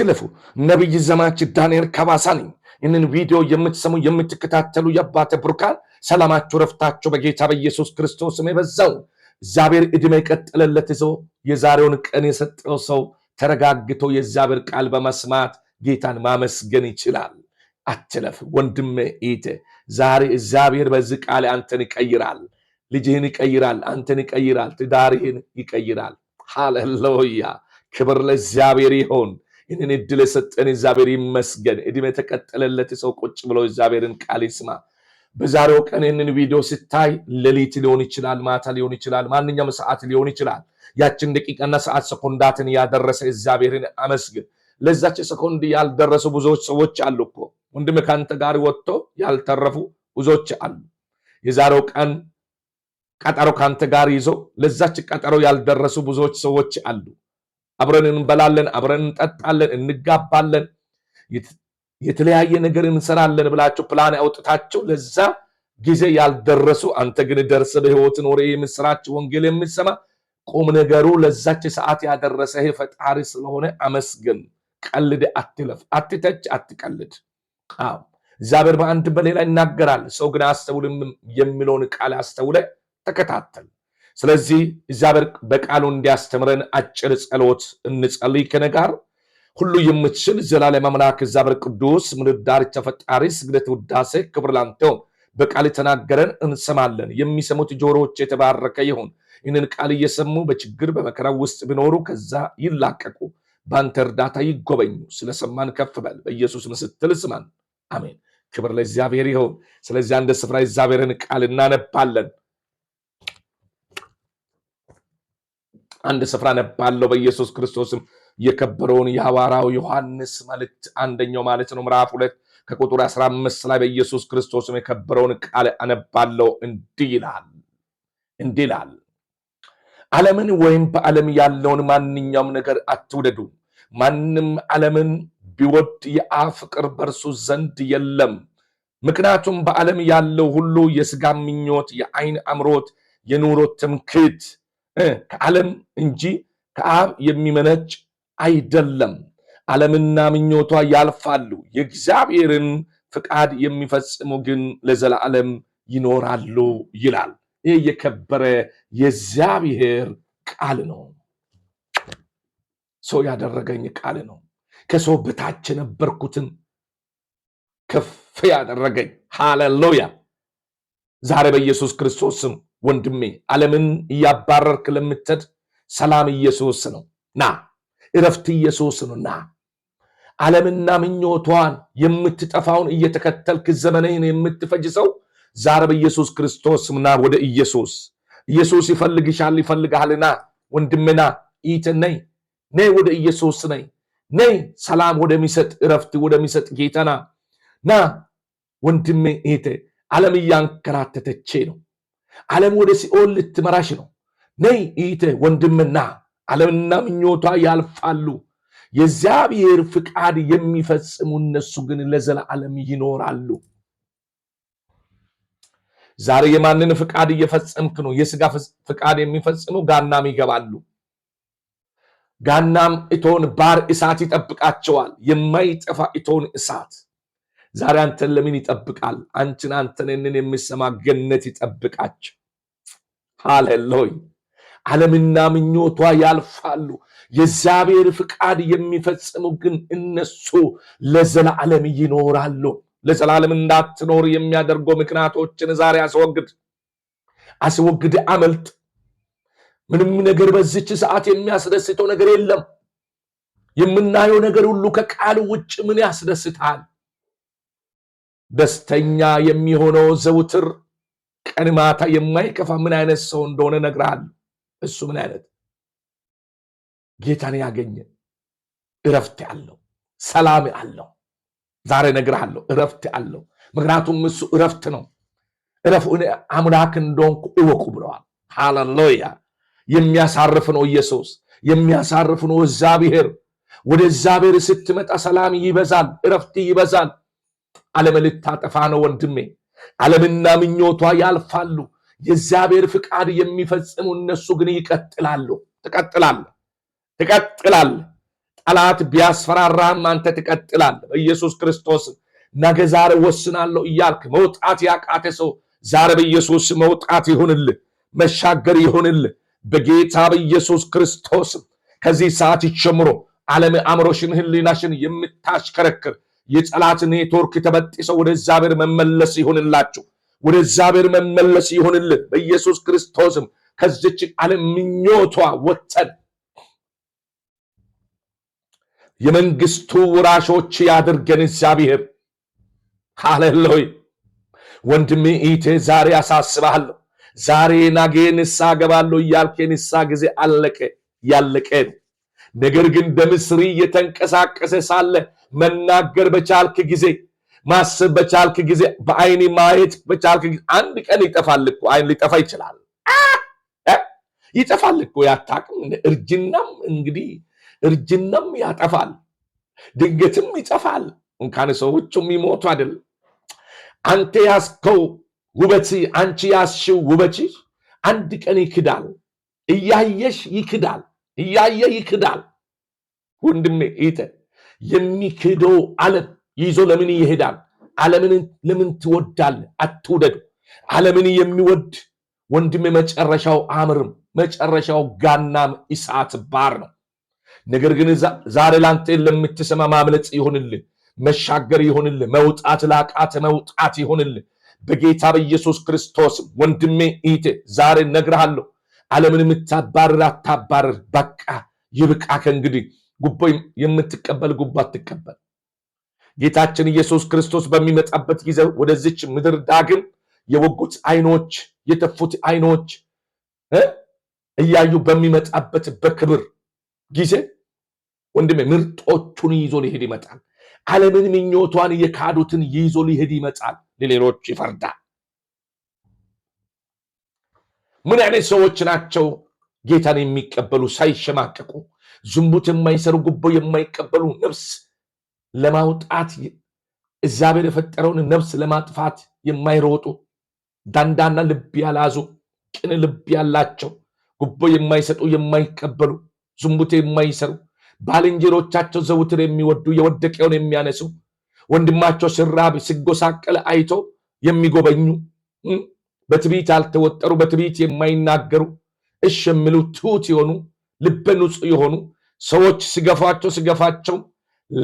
አትለፉ። ነቢይ ዘማች ዳንኤል ከባሳ ነኝ። ይህንን ቪዲዮ የምትሰሙ የምትከታተሉ የአባተ ብሩካን ሰላማችሁ፣ ረፍታችሁ በጌታ በኢየሱስ ክርስቶስ ስም የበዛው እግዚአብሔር ዕድሜ የቀጠለለት ይዞ የዛሬውን ቀን የሰጠው ሰው ተረጋግቶ የእግዚአብሔር ቃል በመስማት ጌታን ማመስገን ይችላል። አትለፍ ወንድሜ ኢት ዛሬ እግዚአብሔር በዚህ ቃል አንተን ይቀይራል፣ ልጅህን ይቀይራል፣ አንተን ይቀይራል፣ ትዳርህን ይቀይራል። ሃሌሉያ! ክብር ለእግዚአብሔር ይሆን። ይህንን እድል የሰጠን እግዚአብሔር ይመስገን። እድሜ የተቀጠለለት ሰው ቁጭ ብሎ እግዚአብሔርን ቃል ይስማ። በዛሬው ቀን ይህንን ቪዲዮ ስታይ ሌሊት ሊሆን ይችላል፣ ማታ ሊሆን ይችላል፣ ማንኛውም ሰዓት ሊሆን ይችላል። ያችን ደቂቃና ሰዓት ሰኮንዳትን ያደረሰ እግዚአብሔርን አመስግን። ለዛች ሰኮንድ ያልደረሱ ብዙዎች ሰዎች አሉ እኮ ወንድም፣ ከአንተ ጋር ወጥቶ ያልተረፉ ብዙዎች አሉ። የዛሬው ቀን ቀጠሮ ከአንተ ጋር ይዞ ለዛች ቀጠሮ ያልደረሱ ብዙዎች ሰዎች አሉ። አብረን እንበላለን፣ አብረን እንጠጣለን፣ እንጋባለን፣ የተለያየ ነገር እንሰራለን ብላችሁ ፕላን ያውጥታችሁ ለዛ ጊዜ ያልደረሱ አንተ ግን ደርሰ በህይወትን ወሬ የምስራች ወንጌል የምሰማ ቁም ነገሩ ለዛች ሰዓት ያደረሰህ ፈጣሪ ስለሆነ አመስግን። ቀልድ አትለፍ፣ አትተች፣ አትቀልድ። እግዚአብሔር በአንድ በሌላ ይናገራል። ሰው ግን አስተውልም የሚለውን ቃል አስተውለ ተከታተል። ስለዚህ እግዚአብሔር በቃሉ እንዲያስተምረን አጭር ጸሎት እንጸልይ። ከነጋር ሁሉ የምትችል ዘላለም አምላክ እግዚአብሔር ቅዱስ ምድር ዳርቻ ፈጣሪ ስግደት፣ ውዳሴ፣ ክብር ላንተው። በቃል የተናገረን እንሰማለን። የሚሰሙት ጆሮዎች የተባረከ ይሁን። ይህንን ቃል እየሰሙ በችግር በመከራ ውስጥ ቢኖሩ ከዛ ይላቀቁ፣ በአንተ እርዳታ ይጎበኙ። ስለሰማን ከፍ በል። በኢየሱስ ምስትል ስማን። አሜን። ክብር ለእግዚአብሔር ይሁን። ስለዚህ አንድ ስፍራ እግዚአብሔርን ቃል እናነባለን። አንድ ስፍራ ነባለው በኢየሱስ ክርስቶስም የከበረውን የሐዋርያው ዮሐንስ መልእክት አንደኛው ማለት ነው ምዕራፍ ሁለት ከቁጥር 15 ላይ በኢየሱስ ክርስቶስም የከበረውን ቃል አነባለው እንዲህ ይላል እንዲህ ይላል ዓለምን ወይም በዓለም ያለውን ማንኛውም ነገር አትውደዱ ማንም ዓለምን ቢወድ የአብ ፍቅር በእርሱ ዘንድ የለም ምክንያቱም በዓለም ያለው ሁሉ የስጋ ምኞት የአይን አምሮት የኑሮ ትምክህት ከዓለም እንጂ ከአብ የሚመነጭ አይደለም። ዓለምና ምኞቷ ያልፋሉ፣ የእግዚአብሔርን ፍቃድ የሚፈጽሙ ግን ለዘላለም ይኖራሉ ይላል። ይህ የከበረ የእግዚአብሔር ቃል ነው። ሰው ያደረገኝ ቃል ነው። ከሰው በታች የነበርኩትን ከፍ ያደረገኝ። ሃሌሉያ! ዛሬ በኢየሱስ ክርስቶስ ስም ወንድሜ ዓለምን እያባረርክ ለምትሄድ ሰላም ኢየሱስ ነው። ና እረፍት ኢየሱስ ነው። ና ዓለምና ምኞቷን የምትጠፋውን እየተከተልክ ዘመንህን የምትፈጅ ሰው ዛሬ በኢየሱስ ክርስቶስ ና ወደ ኢየሱስ። ኢየሱስ ይፈልግሻል፣ ይፈልግሃል። ና ወንድሜ፣ ና ኢት ነይ፣ ነይ፣ ወደ ኢየሱስ ነይ፣ ነይ። ሰላም ወደሚሰጥ እረፍት ወደሚሰጥ ጌታ ና። ወንድሜ፣ ኢቴ ዓለም እያንከራተተቼ ነው ዓለም ወደ ሲኦል ልትመራሽ ነው። ነይ ይተ ወንድምና ዓለምና ምኞቷ ያልፋሉ፣ የእግዚአብሔር ፍቃድ የሚፈጽሙ እነሱ ግን ለዘላለም ይኖራሉ። ዛሬ የማንን ፍቃድ እየፈጸምክ ነው? የስጋ ፍቃድ የሚፈጽሙ ጋናም ይገባሉ። ጋናም እቶን ባር እሳት ይጠብቃቸዋል፣ የማይጠፋ እቶን እሳት ዛሬ አንተን ለምን ይጠብቃል? አንቺን አንተንንን የሚሰማ ገነት ይጠብቃቸው። ሃሌሉያ። ዓለምና ምኞቷ ያልፋሉ። የእግዚአብሔር ፍቃድ የሚፈጽሙ ግን እነሱ ለዘላለም ይኖራሉ። ለዘላለም እንዳትኖር የሚያደርገው ምክንያቶችን ዛሬ አስወግድ፣ አስወግድ፣ አመልጥ። ምንም ነገር በዚች ሰዓት የሚያስደስተው ነገር የለም። የምናየው ነገር ሁሉ ከቃል ውጭ ምን ያስደስታል? ደስተኛ የሚሆነው ዘውትር ቀን ማታ የማይከፋ ምን አይነት ሰው እንደሆነ እነግርሃለሁ። እሱ ምን አይነት ጌታን ያገኘ እረፍት ያለው ሰላም አለው። ዛሬ እነግርሃለሁ፣ እረፍት አለው። ምክንያቱም እሱ እረፍት ነው። እረፍ አምላክ እንደሆንኩ እወቁ ብለዋል። ሃሌሉያ! የሚያሳርፍ ነው ኢየሱስ፣ የሚያሳርፍ ነው እግዚአብሔር። ወደ እግዚአብሔር ስትመጣ ሰላም ይበዛል፣ እረፍት ይበዛል። ዓለም ልታጠፋ ነው ወንድሜ። ዓለምና ምኞቷ ያልፋሉ። የእግዚአብሔር ፍቃድ የሚፈጽሙ እነሱ ግን ይቀጥላሉ። ትቀጥላለ፣ ትቀጥላለ። ጠላት ቢያስፈራራህም አንተ ትቀጥላለ። በኢየሱስ ክርስቶስ ነገ ዛሬ ወስናለሁ እያልክ መውጣት ያቃተ ሰው ዛሬ በኢየሱስ መውጣት ይሁንልህ፣ መሻገር ይሁንልህ በጌታ በኢየሱስ ክርስቶስ ከዚህ ሰዓት ጀምሮ ዓለም አእምሮሽን፣ ህሊናሽን የምታሽከረክር የጠላት ኔትወርክ ተበጥሰው ወደ እግዚአብሔር መመለስ ይሆንላችሁ። ወደ እግዚአብሔር መመለስ ይሆንልን በኢየሱስ ክርስቶስም። ከዚች ዓለም ምኞቷ ወጥተን የመንግስቱ ውራሾች ያድርገን እግዚአብሔር። ሃሌሉይ ወንድሜ ኢቴ ዛሬ አሳስባለሁ። ዛሬ ናጌ ንሳ ገባለሁ እያልከ ንሳ ጊዜ አለቀ ያለቀ ነው። ነገር ግን በምስሪ እየተንቀሳቀሰ ሳለ መናገር በቻልክ ጊዜ ማሰብ በቻልክ ጊዜ በአይን ማየት በቻልክ ጊዜ አንድ ቀን ይጠፋል እኮ አይን ሊጠፋ ይችላል። ይጠፋል እኮ ያታቅም። እርጅናም እንግዲህ እርጅናም ያጠፋል፣ ድንገትም ይጠፋል። እንካን ሰዎች የሚሞቱ አይደል? አንተ ያስከው ውበት፣ አንቺ ያስሽው ውበት አንድ ቀን ይክዳል። እያየሽ ይክዳል። እያየ ይክዳል። ወንድሜ ይተ የሚክደው ዓለም ይዞ ለምን ይሄዳል? ዓለምን ለምን ትወዳል አትውደዱ። ዓለምን የሚወድ ወንድሜ መጨረሻው አምርም፣ መጨረሻው ጋናም እሳት ባር ነው። ነገር ግን ዛሬ ላንተ ለምትሰማ ማምለጥ ይሆንልህ፣ መሻገር ይሆንልህ፣ መውጣት ላቃተ መውጣት ይሆንልህ በጌታ በኢየሱስ ክርስቶስ። ወንድሜ እህቴ ዛሬ ነግርሃለሁ። ዓለምን የምታባርር አታባርር። በቃ ይብቃ። ከእንግዲህ ጉቦ የምትቀበል ጉቦ አትቀበል። ጌታችን ኢየሱስ ክርስቶስ በሚመጣበት ጊዜ ወደዚች ምድር ዳግም የወጉት አይኖች የተፉት አይኖች እያዩ በሚመጣበት በክብር ጊዜ ወንድሜ ምርጦቹን ይዞ ሊሄድ ይመጣል። ዓለምን ምኞቷን የካዱትን ይዞ ሊሄድ ይመጣል። ለሌሎች ይፈርዳል። ምን አይነት ሰዎች ናቸው ጌታን የሚቀበሉ ሳይሸማቀቁ ዝንቡት የማይሰሩ ጉቦ የማይቀበሉ ነፍስ ለማውጣት እግዚአብሔር የፈጠረውን ነፍስ ለማጥፋት የማይሮጡ ዳንዳና ልብ ያላዙ ቅን ልብ ያላቸው ጉቦ የማይሰጡ የማይቀበሉ ዝንቡት የማይሰሩ ባልንጀሮቻቸው ዘውትር የሚወዱ የወደቀውን የሚያነሱ ወንድማቸው ሲራብ ሲጎሳቀል አይቶ የሚጎበኙ በትቢት ያልተወጠሩ በትቢት የማይናገሩ እሽ የሚሉ ትሑት የሆኑ ልበ ንጹሕ የሆኑ ሰዎች ስገፋቸው ስገፋቸው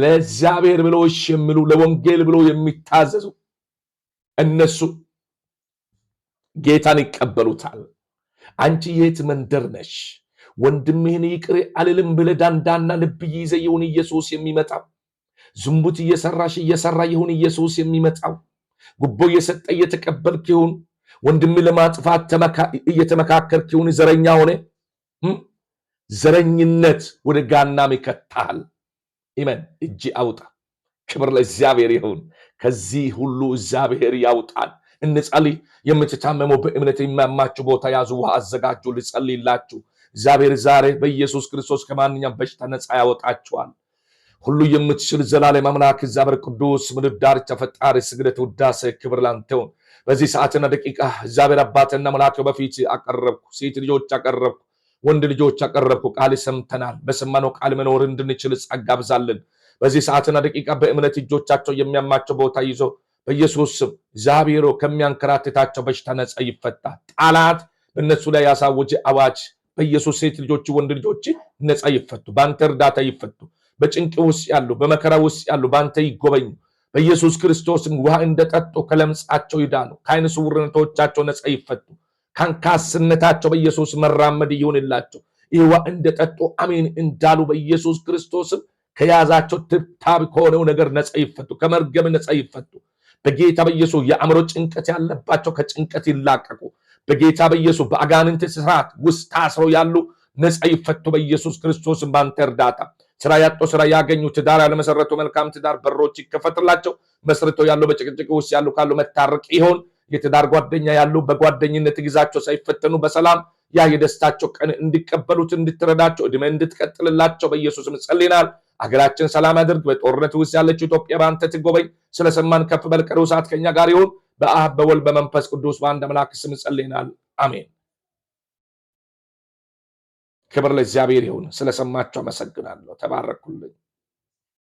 ለእግዚአብሔር ብለው እሽ የሚሉ ለወንጌል ብለው የሚታዘዙ እነሱ ጌታን ይቀበሉታል። አንቺ የት መንደር ነሽ? ወንድምህን ይቅር አልልም ብለ ዳንዳና ልብ ይዘ የሆን ኢየሱስ የሚመጣው ዝንቡት እየሰራሽ እየሰራ የሆን ኢየሱስ የሚመጣው ጉቦ እየሰጠ እየተቀበልክ ይሁን ወንድም ለማጥፋት እየተመካከርኪውን ዘረኛ ሆነ። ዘረኝነት ወደ ጋናም ይከታል። ኢመን እጅ አውጣ። ክብር ለእግዚአብሔር ይሁን። ከዚህ ሁሉ እግዚአብሔር ያውጣል። እንጸልይ። የምትታመሙ በእምነት የሚያማችሁ ቦታ ያዙ፣ ውሃ አዘጋጁ፣ ልጸልይላችሁ። እግዚአብሔር ዛሬ በኢየሱስ ክርስቶስ ከማንኛውም በሽታ ነፃ ያወጣችኋል። ሁሉ የምትችል ዘላለም አምላክ እግዚአብሔር ቅዱስ ምድር ዳርቻ ፈጣሪ ስግደት፣ ውዳሴ፣ ክብር ላንተውን በዚህ ሰዓትና ደቂቃ እግዚአብሔር አባትና መላክ በፊት አቀረብኩ። ሴት ልጆች አቀረብኩ፣ ወንድ ልጆች አቀረብኩ። ቃል ሰምተናል። በሰማነው ቃል መኖር እንድንችል ጸጋ አብዛልን። በዚህ ሰዓትና ደቂቃ በእምነት እጆቻቸው የሚያማቸው ቦታ ይዞ በኢየሱስ ስም እግዚአብሔሮ ከሚያንከራትታቸው በሽታ ነጻ ይፈታ። ጠላት በእነሱ ላይ ያሳውጅ አዋጅ በኢየሱስ ሴት ልጆች፣ ወንድ ልጆች ነጻ ይፈቱ፣ በአንተ እርዳታ ይፈቱ። በጭንቅ ውስጥ ያሉ፣ በመከራ ውስጥ ያሉ በአንተ ይጎበኙ። በኢየሱስ ክርስቶስም ውሃ እንደጠጡ ከለምጻቸው ይዳኑ፣ ከዓይነ ስውርነቶቻቸው ነፃ ይፈቱ፣ ካንካስነታቸው በኢየሱስ መራመድ ይሁንላቸው። ይህ ውሃ እንደጠጡ አሜን እንዳሉ በኢየሱስ ክርስቶስም ከያዛቸው ትብታብ ከሆነው ነገር ነፃ ይፈቱ፣ ከመርገም ነፃ ይፈቱ። በጌታ በኢየሱስ የአእምሮ ጭንቀት ያለባቸው ከጭንቀት ይላቀቁ። በጌታ በኢየሱስ በአጋንንት ስርዓት ውስጥ ታስረው ያሉ ነፃ ይፈቱ። በኢየሱስ ክርስቶስም ባንተ እርዳታ ስራ ያጦ ስራ ያገኙ፣ ትዳር ያለመሰረቱ መልካም ትዳር በሮች ይከፈትላቸው። መስርተው ያለው በጭቅጭቅ ውስጥ ያሉ ካሉ መታረቅ ይሆን። የትዳር ጓደኛ ያሉ በጓደኝነት ግዛቸው ሳይፈተኑ በሰላም ያ የደስታቸው ቀን እንዲቀበሉት እንድትረዳቸው እድሜ እንድትቀጥልላቸው በኢየሱስም ጸልናል። አገራችን ሰላም አድርግ። በጦርነት ውስጥ ያለችው ኢትዮጵያ በአንተ ትጎበኝ። ስለሰማን ከፍ በል። ሰዓት ከኛ ጋር ይሁን። በአብ በወልድ በመንፈስ ቅዱስ በአንድ አምላክ ስም ጸልናል። አሜን። ክብር ለእግዚአብሔር ይሁን። ስለሰማችሁ አመሰግናለሁ። ተባረኩልኝ።